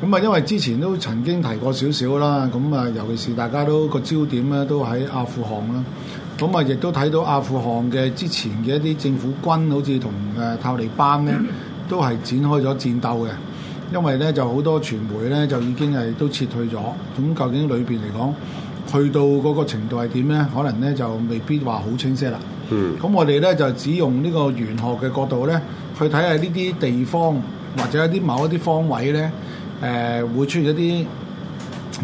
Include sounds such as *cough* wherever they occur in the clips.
咁啊，因為之前都曾經提過少少啦，咁啊，尤其是大家都個焦點咧，都喺阿富汗啦。咁啊，亦都睇到阿富汗嘅之前嘅一啲政府軍，好似同誒塔利班咧，都係展開咗戰鬥嘅。因為咧，就好多傳媒咧，就已經係都撤退咗。咁究竟裏邊嚟講，去到嗰個程度係點咧？可能咧就未必話好清晰啦。嗯。咁我哋咧就只用呢個玄學嘅角度咧，去睇下呢啲地方或者一啲某一啲方位咧。誒會出現一啲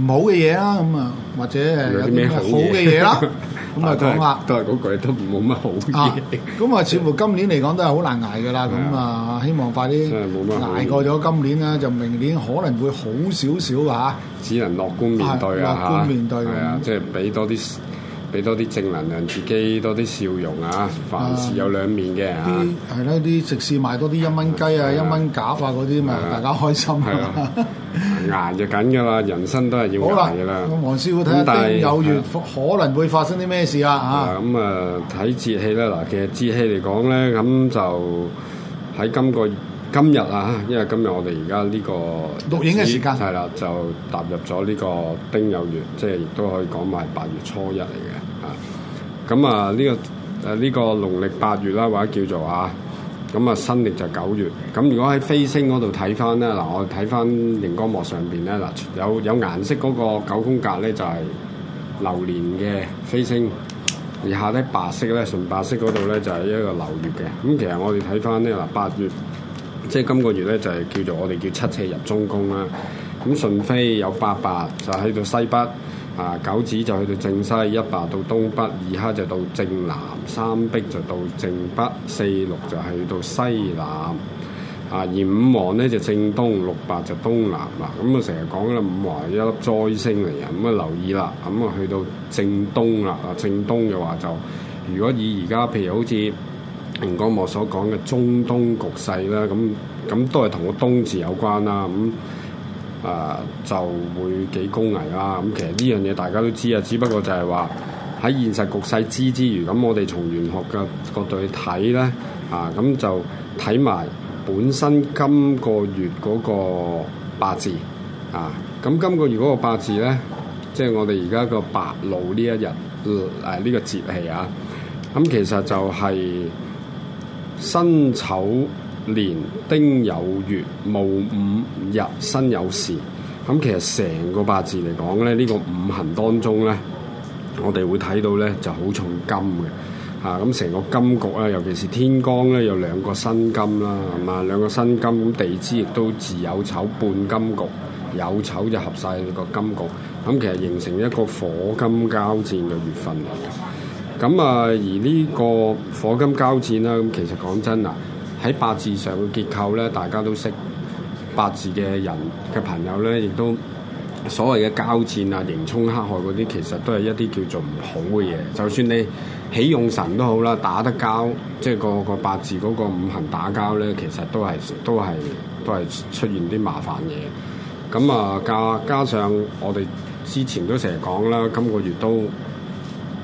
唔好嘅嘢啦，咁啊或者誒有啲好嘅嘢啦，咁 *laughs* 啊講下、啊、都係嗰句，都冇乜好嘢。咁啊，似乎今年嚟講都係好難捱噶啦，咁啊 *laughs* 希望快啲捱過咗今年啦，就明年可能會好少少嚇。啊、只能樂觀面對啊嚇，樂觀面對，係啊，即係俾多啲。俾多啲正能量，自己多啲笑容啊！凡事有兩面嘅嚇。啲係啲食肆賣多啲一,一蚊雞啊，一蚊鴿啊嗰啲嘛，大家開心。捱、啊、 *laughs* 就緊㗎啦，人生都係要捱㗎啦。咁黃師傅睇下但丁酉月是可能會發生啲咩事啊？嚇。咁啊，睇、啊啊、節氣啦。嗱，其實節氣嚟講咧，咁就喺、呢個、今個今日啊，因為今,因為今我日我哋而家呢個錄影嘅時間係啦，就踏入咗呢個丁酉月，即係亦都可以講埋八月初一嚟嘅。咁啊，呢個誒呢個農曆八月啦，或者叫做啊，咁啊新曆就九月。咁如果喺飛星嗰度睇翻咧，嗱我哋睇翻螢光幕上邊咧，嗱有有顏色嗰個九宮格咧就係流年嘅飛星，而下啲白色咧，純白色嗰度咧就係一個流月嘅。咁其實我哋睇翻咧嗱八月，即係今個月咧就係叫做我哋叫七赤入中宮啦。咁順飛有八白，就喺度西北。啊九紫就去到正西，一白到東北，二黑就到正南，三碧就到正北，四綠就係到西南。啊，而五黃咧就正東，六白就東南啦。咁啊成日講啦，五黃係一粒災星嚟嘅，咁啊留意啦。咁啊去到正東啦，啊正東嘅話就，如果以而家譬如好似吳江莫所講嘅中東局勢啦，咁咁都係同個東字有關啦。咁啊，就會幾高危啦，啊。咁其實呢樣嘢大家都知啊，只不過就係話喺現實局勢知之餘，咁我哋從玄學嘅角度去睇咧，啊，咁就睇埋本身今個月嗰個八字，啊，咁今個月嗰個八字咧，即係我哋而家個白露呢一日，誒呢個節氣啊，咁其實就係辛丑年丁酉月戊午日辛酉時，咁其實成個八字嚟講咧，呢、這個五行當中咧，我哋會睇到咧就好重金嘅，吓咁成個金局咧，尤其是天干咧有兩個辛金啦，係嘛，兩個辛金，咁地支亦都自有丑，半金局有丑就合晒個金局，咁、啊、其實形成一個火金交戰嘅月份嚟咁啊，而呢個火金交戰啦，咁其實講真啊。喺八字上嘅結構咧，大家都識八字嘅人嘅朋友咧，亦都所謂嘅交戰啊、迎衝、克害嗰啲，其實都係一啲叫做唔好嘅嘢。就算你喜用神都好啦，打得交即係個個八字嗰個五行打交咧，其實都係都係都係出現啲麻煩嘢。咁啊加加上我哋之前都成日講啦，今個月都誒、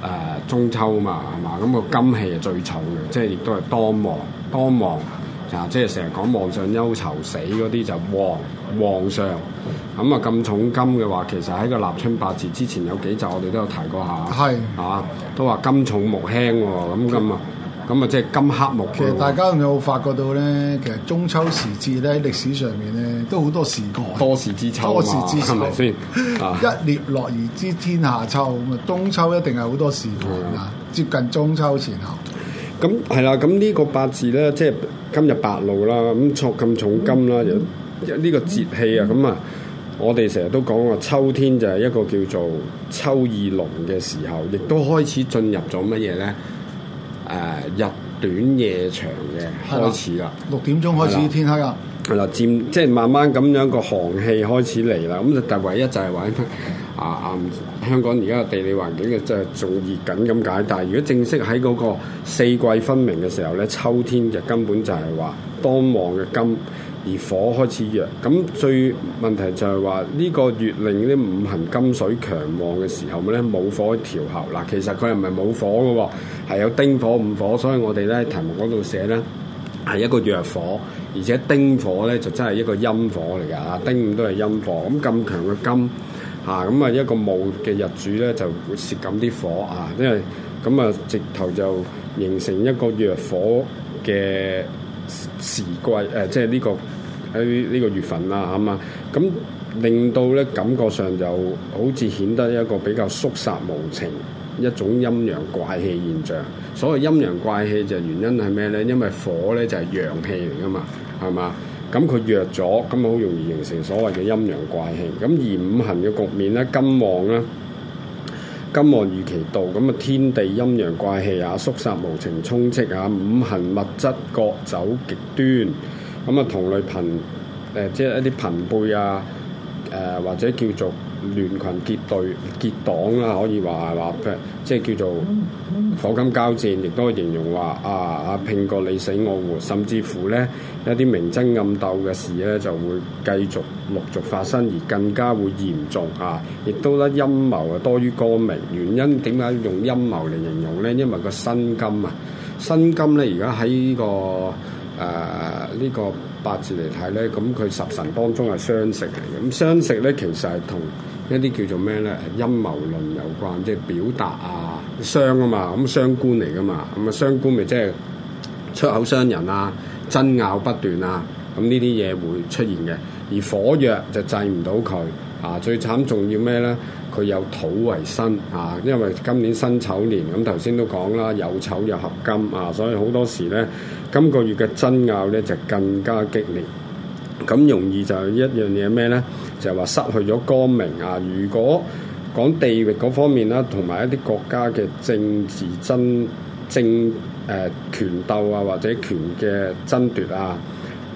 呃、中秋啊嘛，係嘛？咁、個金氣係最重嘅，即係亦都係當旺當旺。啊！即係成日講皇上憂愁死嗰啲就皇皇上咁啊，咁重金嘅話，其實喺個立春八字之前有幾集我哋都有提過下，係是啊，都話金重木輕、哦、Okay. 金木輕喎、哦，咁咁啊，咁啊即係金克木。其實大家有冇發覺到咧，其實中秋時節咧喺歷史上面咧都好多事過，多事之秋，多事之時啊，係咪先？ *laughs* 一葉落而知天下秋，咁啊，中秋一定係好多事過啊，嗯、接近中秋前後。咁係啦，咁呢個八字咧，即係今日白露啦，咁重咁重金啦，又呢、嗯呢個節氣啊，咁啊、嗯，我哋成日都講話秋天就係一個叫做秋意濃嘅時候，亦都開始進入咗乜嘢咧？誒、呃，日短夜長嘅開始啦，六點鐘開始天黑啦、啊，係啦，漸即係慢慢咁樣個寒氣開始嚟啦，咁就係唯一就係玩。啊、嗯！香港而家嘅地理環境嘅即係仲熱緊咁解，但係如果正式喺嗰個四季分明嘅時候咧，秋天就根本就係話當旺嘅金，而火開始弱。咁最問題就係話呢個月令嗰啲五行金水強旺嘅時候咧，冇火去調候。嗱，其實佢又唔係冇火嘅喎，係有丁火、午火。所以我哋咧題目嗰度寫咧係一個弱火，而且丁火咧就真係一個陰火嚟㗎。丁午都係陰火，咁咁強嘅金。嚇，咁啊一個木嘅日主咧，就會攝緊啲火啊，因為咁啊直頭就形成一個弱火嘅時季，誒、呃、即係呢、呢個喺呢、呢個月份啦，嚇、啊、嘛，咁、啊啊啊、令到咧感覺上就好似顯得一個比較肅殺無情一種陰陽怪氣現象。所謂陰陽怪氣就原因係咩咧？因為火咧就係陽氣嚟噶嘛，係、啊、嘛？啊啊啊啊咁佢弱咗，咁啊好容易形成所謂嘅陰陽怪氣。咁而五行嘅局面咧，金旺啦，金旺如其道，咁啊天地陰陽怪氣啊，肅殺無情充斥啊，五行物質各走極端。咁啊，同類貧誒，即係一啲貧輩啊，誒、呃、或者叫做，聯群結隊、結黨啦，可以話係話，即係叫做火金交戰，亦都可以形容話啊啊，拼個你死我活，甚至乎咧一啲明爭暗鬥嘅事咧就會繼續陸續發生，而更加會嚴重啊，亦都咧陰謀啊多於光明。原因點解用陰謀嚟形容咧？因為個辛金啊，辛金咧而家喺個誒呢、呃呢個八字嚟睇咧，咁佢十神當中係傷食嚟嘅。咁傷食咧其實係同一啲叫做咩咧？陰謀論有關，即係表達啊，傷啊嘛，咁傷官嚟㗎嘛，咁啊傷官咪即係出口傷人啊，爭拗不斷啊，咁呢啲嘢會出現嘅。而火藥就制唔到佢啊，最慘仲要咩咧？佢有土為身啊，因為今年辛丑年，咁頭先都講啦，有丑又合金啊，所以好多時咧，今個月嘅爭拗咧就更加激烈，咁容易就一樣嘢咩咧？就話失去咗光明啊！如果講地域嗰方面啦，同、啊、埋一啲國家嘅政治爭政誒權鬥啊，或者權嘅爭奪啊、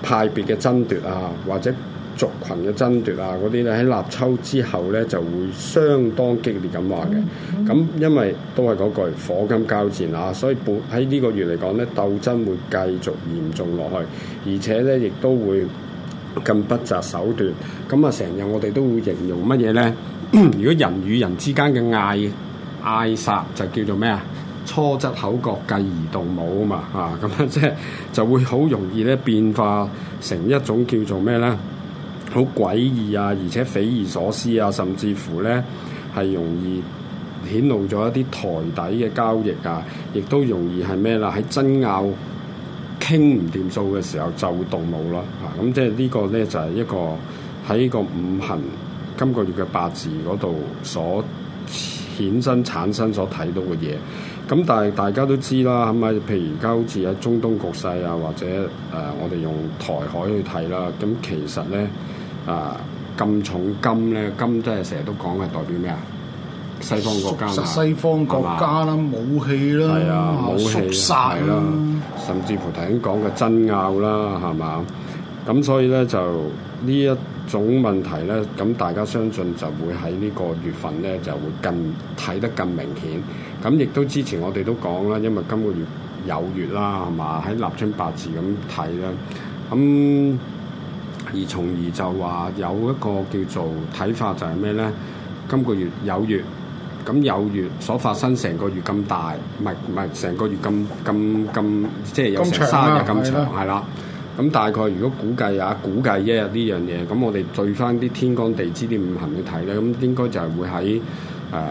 派別嘅爭奪啊，或者族群嘅爭奪啊嗰啲咧，喺立秋之後咧就會相當激烈咁話嘅。咁、嗯嗯、因為都係嗰句火金交戰啊，所以喺呢個月嚟講咧，鬥爭會繼續嚴重落去，而且咧亦都會。咁不擇手段，咁啊成日我哋都會形容乜嘢呢？ *coughs* 如果人與人之間嘅嗌嗌殺就叫做咩啊？初則口角，繼而動武啊嘛，嚇咁啊，即係就會好容易咧變化成一種叫做咩呢？好詭異啊，而且匪夷所思啊，甚至乎呢，係容易顯露咗一啲台底嘅交易啊，亦都容易係咩啦？喺爭拗。傾唔掂數嘅時候就會動武啦，嚇、啊！咁即係呢個咧就係、是、一個喺個五行今個月嘅八字嗰度所衍生產生所睇到嘅嘢。咁、啊、但係大家都知啦，咁啊，譬如而家好似喺中東局勢啊，或者誒、啊、我哋用台海去睇啦。咁、啊、其實咧啊，咁重金咧金真係成日都講係代表咩啊？西方國家，西方國家啦，吧武器啦，啊、武器晒殺啦、啊，甚至乎頭先講嘅爭拗啦，係嘛？咁所以咧就呢一種問題咧，咁大家相信就會喺呢個月份咧就會更睇得更明顯。咁亦都之前我哋都講啦，因為今個月有月啦，係嘛？喺立春八字咁睇啦。咁而從而就話有一個叫做睇法就係咩咧？今個月有月。咁有月所發生成個月咁大，唔係唔係成個月咁咁咁，即係有成三日咁長，係啦、啊。咁的大概如果估計下，估計、這個、一日呢樣嘢，咁我哋聚翻啲天干地支啲五行去睇咧，咁應該就係會喺誒、呃、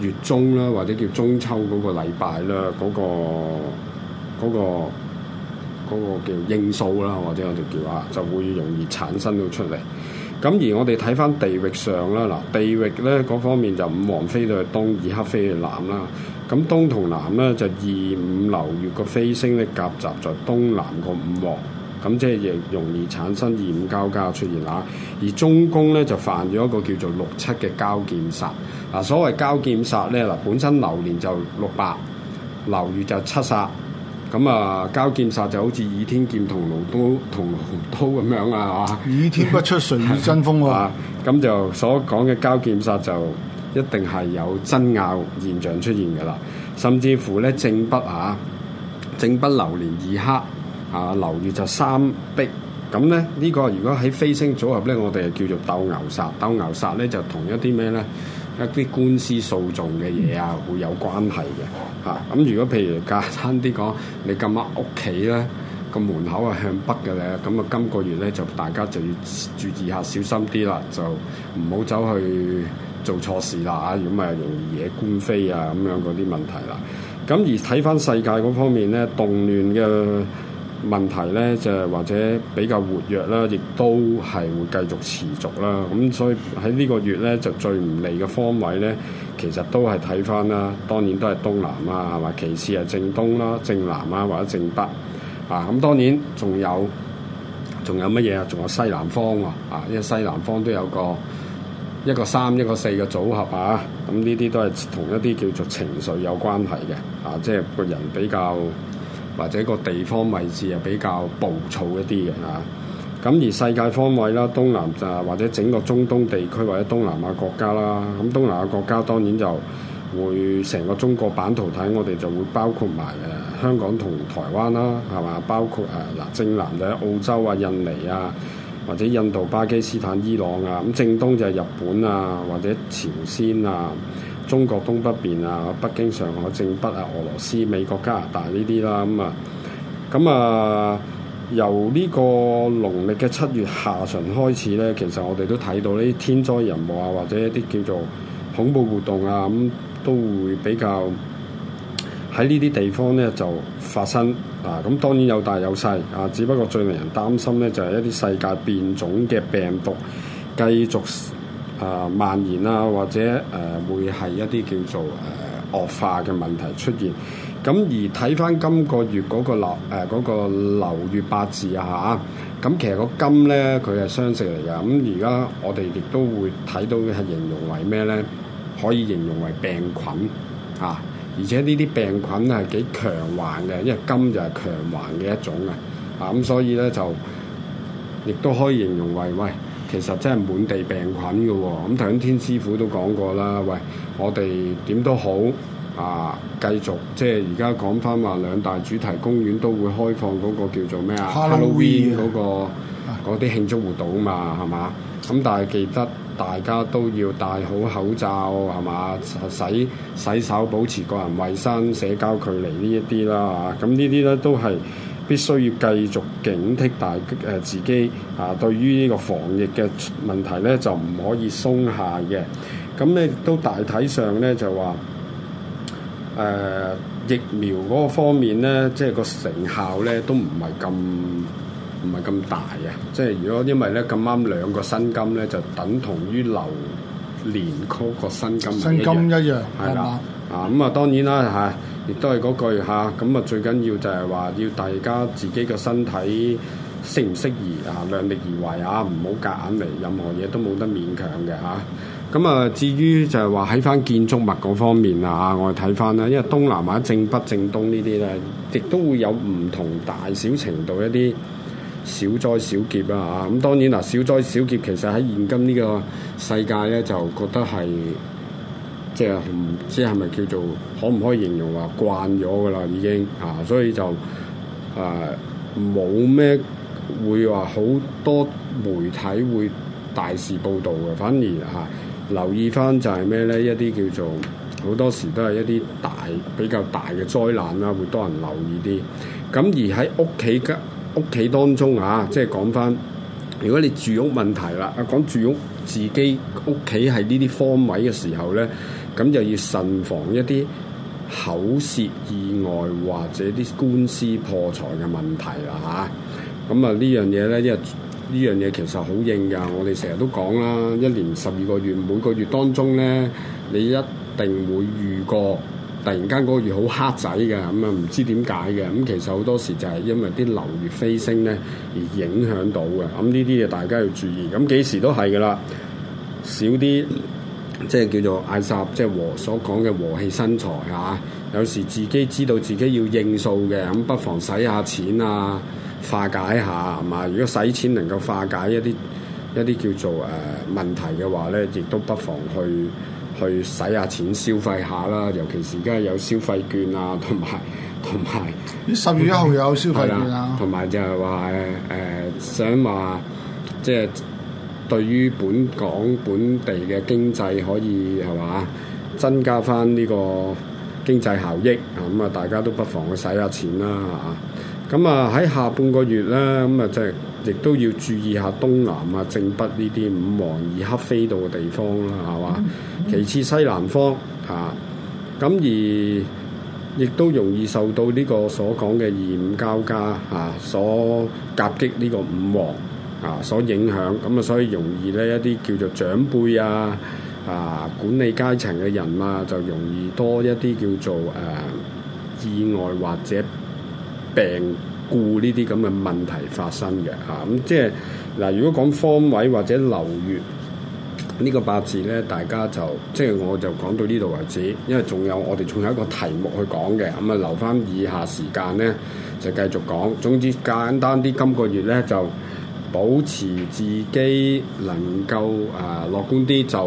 月中啦，或者叫中秋嗰個禮拜啦，嗰、那個嗰、那個那個、叫應數啦，或者我哋叫啊，就會容易產生到出嚟。咁而我哋睇翻地域上啦，嗱，地域咧嗰方面就五黃飛到去東，二黑飛去南啦。咁東同南咧就二五流月個飛星咧夾雜在東南個五黃，咁即係亦容易產生二五交加出現啦。而中宮咧就犯咗一個叫做六七嘅交劍煞。嗱，所謂交劍煞咧嗱，本身流年就六白，流月就七煞。咁啊、嗯，交劍殺就好似倚天劍同龍刀同龍刀咁樣啊，倚 *laughs* 天不出誰與爭鋒喎。咁、啊 *laughs* *laughs* 啊、就所講嘅交劍殺就一定係有爭拗現象出現嘅啦。甚至乎咧，正北啊，正北流年二黑啊，流月就三碧。咁咧呢個如果喺飛星組合咧，我哋就叫做鬥牛殺。鬥牛殺咧就同一啲咩咧？一啲官司訴訟嘅嘢啊，會有關係嘅嚇。咁、啊、如果譬如簡單啲講，你咁晚屋企咧個門口係向北嘅咧，咁啊今個月咧就大家就要注意下小心啲啦，就唔好走去做錯事啦，如果咁容易惹官非啊，咁樣嗰啲問題啦。咁、啊、而睇翻世界嗰方面咧，動亂嘅。問題咧就或者比較活躍啦，亦都係會繼續持續啦。咁、嗯、所以喺呢個月咧就最唔利嘅方位咧，其實都係睇返啦。當然都係東南啊，係嘛？其次係正東啦、啊、正南啊或者正北啊。咁、嗯、當然仲有仲有乜嘢啊？仲有西南方喎啊，啊！因為西南方都有一個一個三一個四嘅組合啊。咁呢啲都係同一啲叫做情緒有關係嘅啊，即係個人比較。或者個地方位置係比較暴躁一啲嘅嚇，咁、啊、而世界方位啦，東南就或者整個中東地區或者東南亞國家啦，咁、啊、東南亞國家當然就會成個中國版圖睇，我哋就會包括埋誒、啊、香港同台灣啦，係嘛？包括誒嗱、啊，正南就喺澳洲啊、印尼啊，或者印度、巴基斯坦、伊朗啊，咁正東就係日本啊，或者朝鮮啊。中國東北邊啊，北京、上海、正北啊，俄羅斯、美國、加拿大呢啲啦，咁啊，咁啊、呃，由呢個農曆嘅七月下旬開始咧，其實我哋都睇到呢啲天災人禍啊，或者一啲叫做恐怖活動啊，咁都會比較喺呢啲地方咧就發生啊，咁當然有大有細啊，只不過最令人擔心咧就係、是、一啲世界變種嘅病毒繼續。誒、呃、蔓延啊，或者誒、呃、會係一啲叫做誒、呃、惡化嘅問題出現。咁而睇返今個月嗰個流誒嗰、呃那個、流月八字啊嚇，咁其實個金咧佢係相食嚟㗎。咁而家我哋亦都會睇到係形容為咩咧？可以形容為病菌啊！而且呢啲病菌咧係幾強橫嘅，因為金就係強橫嘅一種啊。啊、嗯、咁，所以咧就亦都可以形容為喂。其實真係滿地病菌嘅喎、哦，咁頭先天師傅都講過啦。喂，我哋點都好啊，繼續即係而家講翻話兩大主題公園都會開放嗰個叫做咩啊？Halloween 嗰個嗰啲慶祝活動嘛，係嘛？咁、嗯、但係記得大家都要戴好口罩，係嘛？洗洗手、保持個人衞生、社交距離呢一啲啦，咁、嗯、呢啲咧都係。必須要繼續警惕，但係自己啊，對於呢個防疫嘅問題咧，就唔可以鬆懈嘅。咁、啊、咧都大體上咧就話誒、呃、疫苗嗰個方面咧，即係個成效咧都唔係咁唔係咁大啊！即係如果因為咧咁啱兩個薪金咧，就等同於流年嗰個薪金。薪金一樣係啦樣吧、啊，啊咁啊、嗯，當然啦嚇。啊亦都係嗰句嚇，咁啊最緊要就係話要大家自己個身體適唔適宜啊，量力而為啊，唔好夾硬嚟，任何嘢都冇得勉強嘅嚇。咁啊，啊，至於就係話喺翻建築物嗰方面啦嚇、啊，我哋睇翻咧，因為東南亞正北、正東呢啲咧，亦都會有唔同大小程度一啲小災小劫啦嚇。咁、啊啊、當然嗱，小災小劫其實喺現今呢個世界咧，就覺得係。即係唔知係咪叫做可唔可以形容話慣咗㗎啦已經嚇、啊，所以就誒冇咩會話好多媒體會大事報導嘅，反而嚇、啊、留意返就係咩咧？一啲叫做好多時都係一啲大比較大嘅災難啦，會多人留意啲。咁而喺屋企間屋企當中嚇、啊，即係講返如果你住屋問題啦，講住屋自己屋企係呢啲方位嘅時候咧。咁就要慎防一啲口舌意外或者啲官司破財嘅問題啦嚇。咁啊呢樣嘢咧，因為呢樣嘢其實好應噶。我哋成日都講啦，一年十二個月，每個月當中咧，你一定會遇過突然間嗰個月好黑仔嘅，咁啊唔知點解嘅。咁、嗯、其實好多時就係因為啲流月飛星咧而影響到嘅。咁呢啲嘢大家要注意。咁、嗯、幾時都係噶啦，少啲。即係叫做艾薩，即係和所講嘅和氣生財。嚇、啊。有時自己知道自己要應數嘅，咁不妨使下錢啊，化解下係嘛、啊。如果使錢能夠化解一啲一啲叫做誒、呃、問題嘅話咧，亦都不妨去去使下錢消費下啦。尤其是而家有消費券啊，同埋同埋十月一號又有消費券啊。同埋、嗯啊、就係話誒誒，想話即係。呃對於本港本地嘅經濟，可以係嘛增加翻呢個經濟效益啊。咁啊，大家都不妨去使下錢啦，嚇。咁啊，喺下半個月咧，咁啊，即係亦都要注意下東南啊、正北呢啲五黃二黑飛到嘅地方啦係嘛？其次西南方嚇，咁而亦都容易受到呢個所講嘅二五交加嚇，所夾擊呢個五黃。啊！所影響咁啊，所以容易咧一啲叫做長輩啊、啊管理階層嘅人啊，就容易多一啲叫做誒、啊、意外或者病故呢啲咁嘅問題發生嘅嚇。咁、啊、即係嗱、啊，如果講方位或者流月呢、這個八字咧，大家就即係我就講到呢度為止，因為仲有我哋仲有一個題目去講嘅。咁、嗯、啊，留返以下時間咧就繼續講。總之簡單啲，今、這個月咧就。保持自己能夠誒、呃、樂觀啲就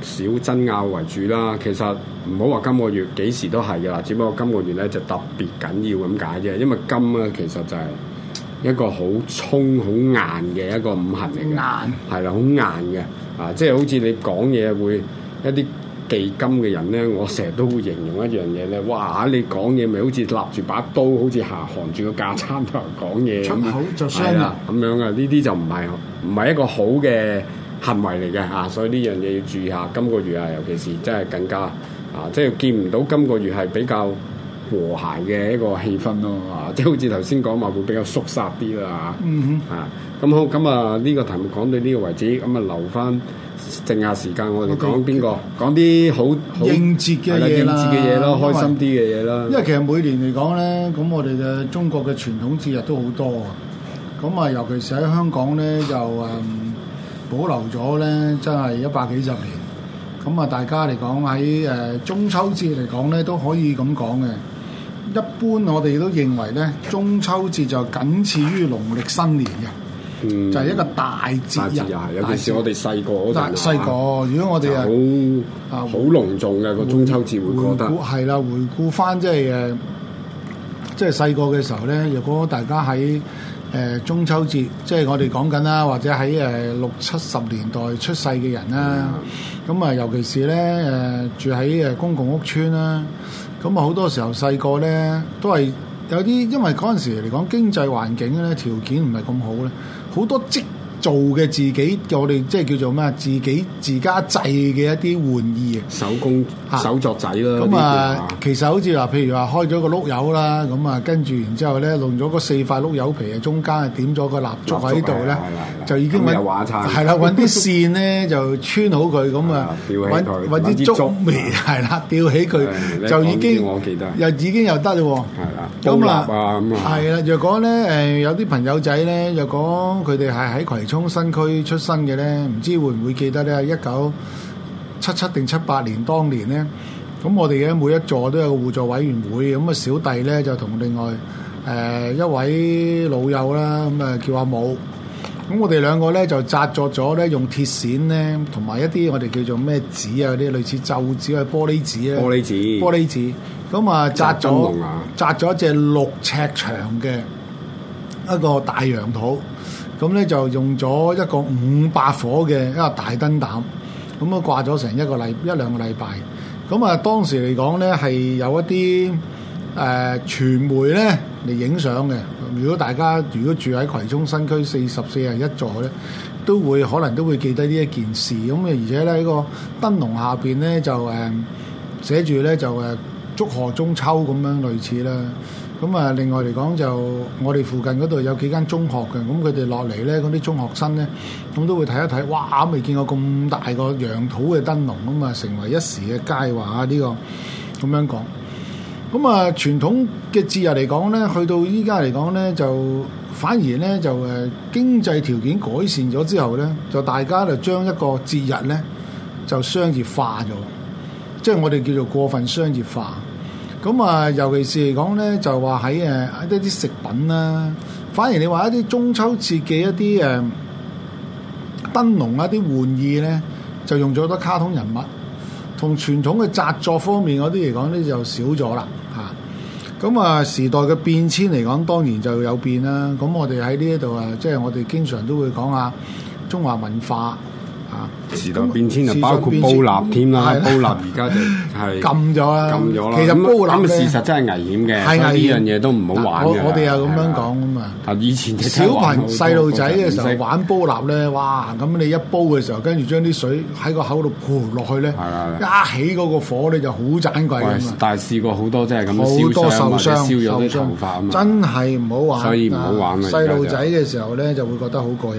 少爭拗為主啦。其實唔好話今個月幾時都係嘅啦，只不過今個月咧就特別緊要咁解啫。因為金啊，其實就係一個好衝好硬嘅一個五行嚟嘅難硬，係啦，好硬嘅啊，即係好似你講嘢會一啲。忌金嘅人咧，我成日都會形容一樣嘢咧，哇你講嘢咪好似立住把刀，好似行含住個架撐頭講嘢，出口就傷啊！咁樣啊，呢啲就唔係唔係一個好嘅行為嚟嘅嚇，所以呢樣嘢要注意下。今個月啊，尤其是真係更加啊，即係見唔到今個月係比較和諧嘅一個氣氛咯啊，即係好似頭先講話會比較肅殺啲啦嚇。啊、嗯哼。啊，咁好，咁啊呢個題目講到呢個位置，咁、嗯、啊留翻。剩下時間，我哋講邊個？講啲好應節嘅嘢啦，應節嘅嘢咯，開心啲嘅嘢啦。因為其實每年嚟講咧，咁我哋嘅中國嘅傳統節日都好多啊。咁啊，尤其是喺香港咧，又嗯，保留咗咧，真係一百幾十年。咁啊，大家嚟講喺誒中秋節嚟講咧，都可以咁講嘅。一般我哋都認為咧，中秋節就僅次於農曆新年嘅。嗯、就係一個大節日，啊、尤其是我哋細個，我哋如果我哋係好好隆重嘅個會中秋節，會覺得係啦。回顧翻即係誒，即係細個嘅時候咧。如果大家喺誒、呃、中秋節，即、就、係、是、我哋講緊啦，或者喺誒、呃、六七十年代出世嘅人啦，咁啊、嗯，尤其是咧誒、呃、住喺誒公共屋邨啦，咁啊好多時候細個咧都係有啲，因為嗰陣時嚟講經濟環境咧條件唔係咁好咧。好多隻。做嘅自己，我哋即係叫做咩啊？自己自家製嘅一啲玩意，手工手作仔咯。咁啊，其實好似話，譬如話開咗個碌柚啦，咁啊，跟住然之後咧，弄咗嗰四塊碌柚皮啊，中間啊點咗個蠟燭喺度咧，就已經揾係啦，揾啲線咧就穿好佢咁啊，揾啲竹篾，係啦，吊起佢就已經又已經又得嘞喎。咁啊，係啦，若果咧誒，有啲朋友仔咧，若果佢哋係喺葵。沖新區出生嘅咧，唔知會唔會記得咧？一九七七定七八年當年咧，咁我哋嘅每一座都有個互助委員會，咁啊小弟咧就同另外誒一位老友啦，咁啊叫阿武，咁我哋兩個咧就紮作咗咧，用鐵線咧，同埋一啲我哋叫做咩紙啊，啲類似皺紙啊、玻璃紙啊，玻璃紙，玻璃紙，咁啊紮咗紮咗一隻六尺長嘅一個大羊肚。咁咧就用咗一個五百火嘅一個大燈膽，咁啊掛咗成一個禮一兩個禮拜，咁啊當時嚟講咧係有一啲誒、呃、傳媒咧嚟影相嘅。如果大家如果住喺葵涌新區四十四啊一座咧，都會可能都會記得呢一件事。咁而且咧喺、這個燈籠下邊咧就誒寫住咧就誒、呃、祝賀中秋咁樣類似啦。咁啊，另外嚟講就我哋附近嗰度有幾間中學嘅，咁佢哋落嚟咧，嗰啲中學生咧，咁都會睇一睇，哇！未見過咁大個楊桃嘅燈籠啊嘛，成為一時嘅佳話啊！這個、呢個咁樣講，咁啊，傳統嘅節日嚟講咧，去到依家嚟講咧，就反而咧就誒經濟條件改善咗之後咧，就大家就將一個節日咧就商業化咗，即係我哋叫做過分商業化。咁啊，尤其是嚟講咧，就話喺誒一啲食品啦，反而你話一啲中秋節嘅一啲誒燈籠一啲玩意咧，就用咗好多卡通人物，同傳統嘅紮作方面嗰啲嚟講咧就少咗啦吓。咁啊時代嘅變遷嚟講，當然就有變啦。咁我哋喺呢一度啊，即係我哋經常都會講下中華文化。啊！時代變遷就包括煲蠟添啦，煲蠟而家就係禁咗啦。禁咗啦。其實煲蠟咧，事實真係危險嘅，所以呢樣嘢都唔好玩嘅。我哋又咁樣講㗎嘛。啊！以前小朋細路仔嘅時候玩煲蠟咧，哇！咁你一煲嘅時候，跟住將啲水喺個口度潑落去咧，一起嗰個火咧就好盞鬼咁。但係試過好多真係咁燒傷或者燒有啲頭髮，真係唔好玩。所以唔好玩啊！細路仔嘅時候咧就會覺得好過癮。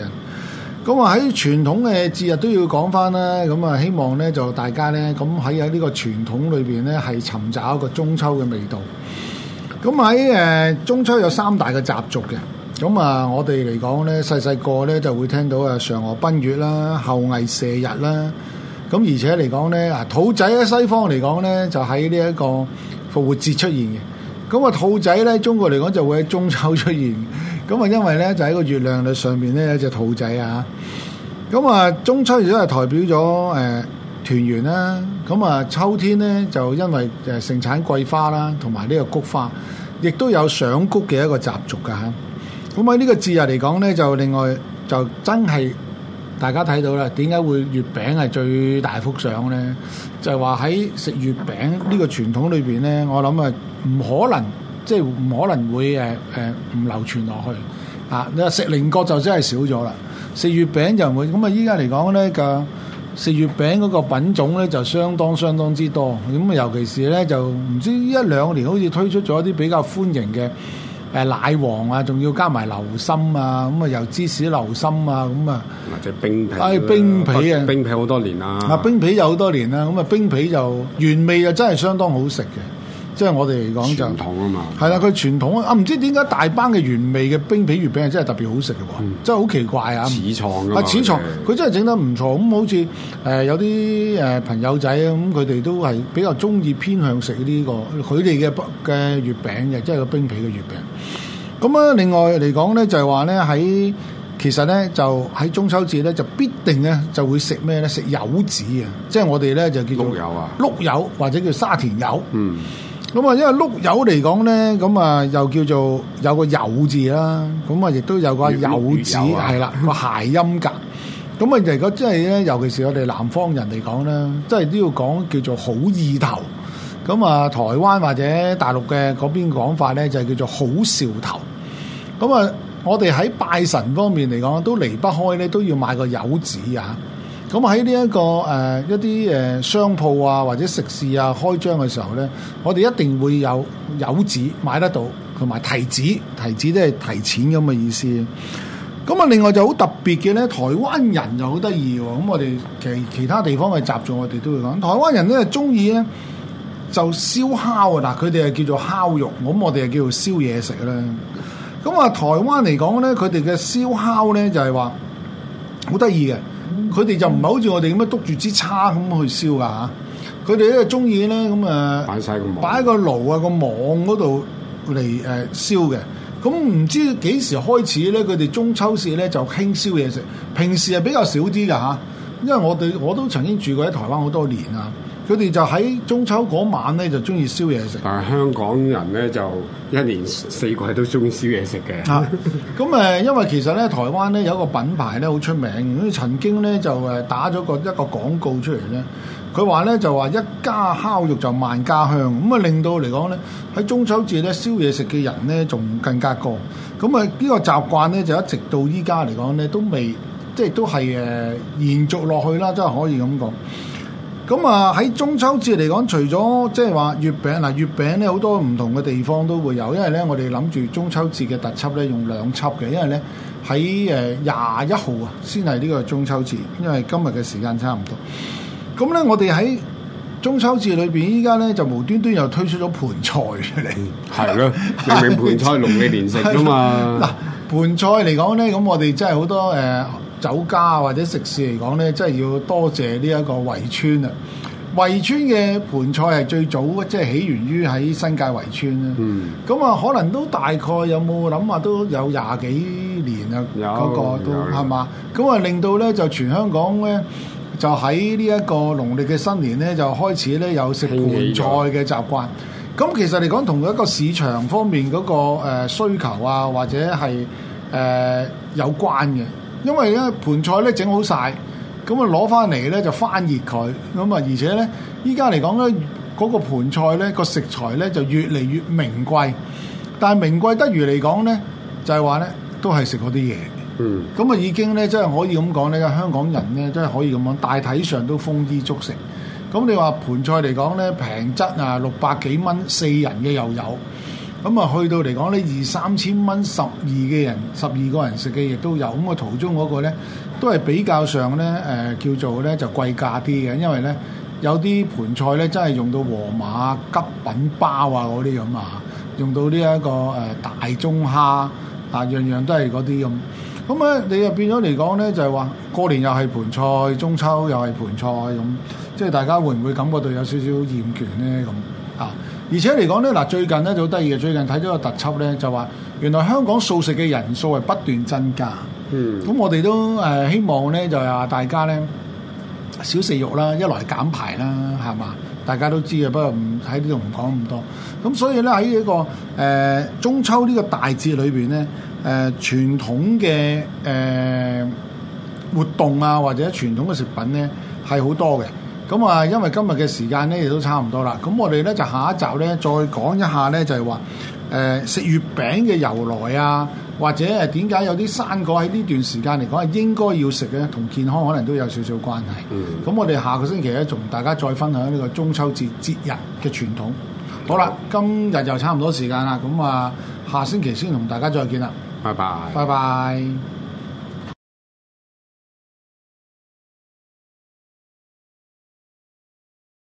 咁啊喺傳統嘅節日都要講返啦，咁啊希望咧就大家咧咁喺喺呢個傳統裏邊咧係尋找一個中秋嘅味道。咁喺誒中秋有三大嘅習俗嘅，咁啊我哋嚟講咧細細個咧就會聽到啊嫦娥奔月啦、後羿射日啦，咁而且嚟講咧啊兔仔喺西方嚟講咧就喺呢一個復活節出現嘅，咁啊兔仔咧中國嚟講就會喺中秋出現。咁啊，因為咧就喺個月亮嘅上面咧有隻兔仔啊！咁啊，中秋亦都係代表咗誒團圓啦。咁啊，秋天咧就因為誒盛產桂花啦，同埋呢個菊花，亦都有賞菊嘅一個習俗㗎吓。咁喺呢個節日嚟講咧，就另外就真係大家睇到啦，點解會月餅係最大幅賞咧？就係話喺食月餅呢個傳統裏邊咧，我諗啊唔可能。即係唔可能會誒誒唔流傳落去啊！你話食菱角就真係少咗啦，食月餅就唔會咁啊！依家嚟講咧個食月餅嗰個品種咧就相當相當之多咁啊！尤其是咧就唔知一兩年好似推出咗一啲比較歡迎嘅誒奶黃啊，仲要加埋流心啊，咁啊，又芝士流心啊，咁啊，或者冰皮，啊，哎，冰皮啊，冰皮好多年啦，嗱，冰皮有好多年啦，咁啊，冰皮就原味就真係相當好食嘅。即係我哋嚟講就係啦，佢傳統，傳統啊，唔知點解大班嘅原味嘅冰皮月餅真係特別好食嘅喎，嗯、真係好奇怪啊！始創啊，始創佢真係整得唔錯咁，嗯，好似誒、呃、有啲誒朋友仔咁，佢、嗯、哋都係比較中意偏向食呢、呢個佢哋嘅嘅月餅嘅，即係個冰皮嘅月餅。咁啊，嗯，另外嚟講咧，就係話咧喺其實咧就喺中秋節咧就必定咧就會食咩咧？食柚子啊！即係我哋咧就叫做碌柚啊，碌柚或者叫沙田柚。嗯。嗯嗯嗯咁啊，因為碌柚嚟講咧，咁啊又叫做有個柚字啦，咁啊亦都有個柚子係啦啊，諧音格。咁啊，如果即係咧，尤其是我哋南方人嚟講咧，即係都要講叫做好意頭。咁啊，台灣或者大陸嘅嗰邊講法咧，就係叫做好兆頭。咁啊，我哋喺拜神方面嚟講，都離不開咧，都要買個柚子啊。咁喺呢一個誒一啲誒商鋪啊或者食肆啊開張嘅時候咧，我哋一定會有柚子買得到，同埋提子，提子都係提錢咁嘅意思。咁啊，另外就好特別嘅咧，台灣人就好得意喎。咁我哋其其他地方嘅習俗，我哋都會講。台灣人咧中意咧就燒烤啊，嗱，佢哋係叫做烤肉，咁我哋係叫做燒嘢食啦。咁啊，台灣嚟講咧，佢哋嘅燒烤咧就係話好得意嘅。佢哋就唔係好似我哋咁樣督住支叉咁去燒噶嚇，佢哋咧中意咧，咁啊，呃、擺晒個網擺個爐，擺喺個啊個網嗰度嚟誒燒嘅。咁、嗯、唔知幾時開始咧，佢哋中秋節咧就興燒嘢食，平時係比較少啲噶嚇，因為我哋，我都曾經住過喺台灣好多年啊。佢哋就喺中秋嗰晚咧，就中意燒嘢食。但係、啊、香港人咧就一年四季都中意燒嘢食嘅。嚇、 *laughs* 啊，咁、嗯、誒，因為其實咧，台灣咧有一個品牌咧好出名，咁曾經咧就誒打咗個一個廣告出嚟咧，佢話咧就話一家烤肉就萬家香，咁、嗯、啊令到嚟講咧，喺中秋節咧燒嘢食嘅人咧仲更加多。咁啊呢個習慣咧就一直到依家嚟講咧都未，即係都係誒延續落去啦，都係可以咁講。咁啊喺中秋節嚟講，除咗即係話月餅嗱，月餅咧好多唔同嘅地方都會有，因為咧我哋諗住中秋節嘅特輯咧用兩輯嘅，因為咧喺誒廿一號啊，先係呢個中秋節，因為今日嘅時間差唔多。咁咧，我哋喺中秋節裏邊，依家咧就無端端又推出咗盤菜嚟，係 *laughs* 咯，明明盤菜龍你連食噶嘛。嗱， *laughs* 盤菜嚟講咧，咁我哋真係好多誒。呃酒家啊，或者食肆嚟講咧，真係要多謝呢一個圍村啊！圍村嘅盤菜係最早，即係起源於喺新界圍村啦。嗯。咁啊，可能都大概有冇諗下，都有廿幾年啊，嗰個都係嘛？咁啊，令到咧就全香港咧，就喺呢一個農曆嘅新年咧，就開始咧有食盤菜嘅習慣。咁的其實嚟講，同一個市場方面嗰個需求啊，或者係誒、呃、有關嘅。因為咧盆菜咧整好晒，咁啊攞翻嚟咧就翻熱佢，咁啊而且咧依家嚟講咧嗰個盆菜咧個食材咧就越嚟越名貴，但係名貴得如嚟講咧就係話咧都係食嗰啲嘢，嗯，咁啊已經咧真係可以咁講，呢個香港人咧真係可以咁講，大體上都豐衣足食。咁你話盆菜嚟講咧平質啊六百幾蚊四人嘅又有。咁啊，去到嚟講呢，二三千蚊，十二嘅人，十二個人食嘅亦都有。咁啊，途中嗰個咧，都係比較上呢，誒、呃、叫做呢就貴價啲嘅，因為呢有啲盆菜呢真係用到禾麻、吉品鮑啊嗰啲咁啊，用到呢、這、一個誒、呃、大中蝦啊，樣樣都係嗰啲咁。咁啊，你又變咗嚟講呢，就係、是、話過年又係盆菜，中秋又係盆菜，咁、啊、即係大家會唔會感覺到有少少厭倦呢？咁啊？而且嚟講咧，嗱最近咧就好得意嘅，最近睇咗個特輯咧，就話原來香港素食嘅人數係不斷增加。嗯，咁我哋都誒、呃、希望咧就係話大家咧少食肉啦，一來減排啦，係嘛？大家都知嘅，不過唔喺呢度唔講咁多。咁所以咧喺呢個誒、呃、中秋呢個大節裏邊咧，誒、呃、傳統嘅誒、呃、活動啊，或者傳統嘅食品咧係好多嘅。咁啊，因為今日嘅時間咧亦都差唔多啦，咁我哋咧就下一集咧再講一下咧，就係話誒食月餅嘅由來啊，或者誒點解有啲生果喺呢段時間嚟講係應該要食嘅，同健康可能都有少少關係。咁、嗯、我哋下個星期咧，同大家再分享呢個中秋節節日嘅傳統。嗯、好啦，今日就差唔多時間啦，咁啊，下星期先同大家再見啦。拜拜。拜拜。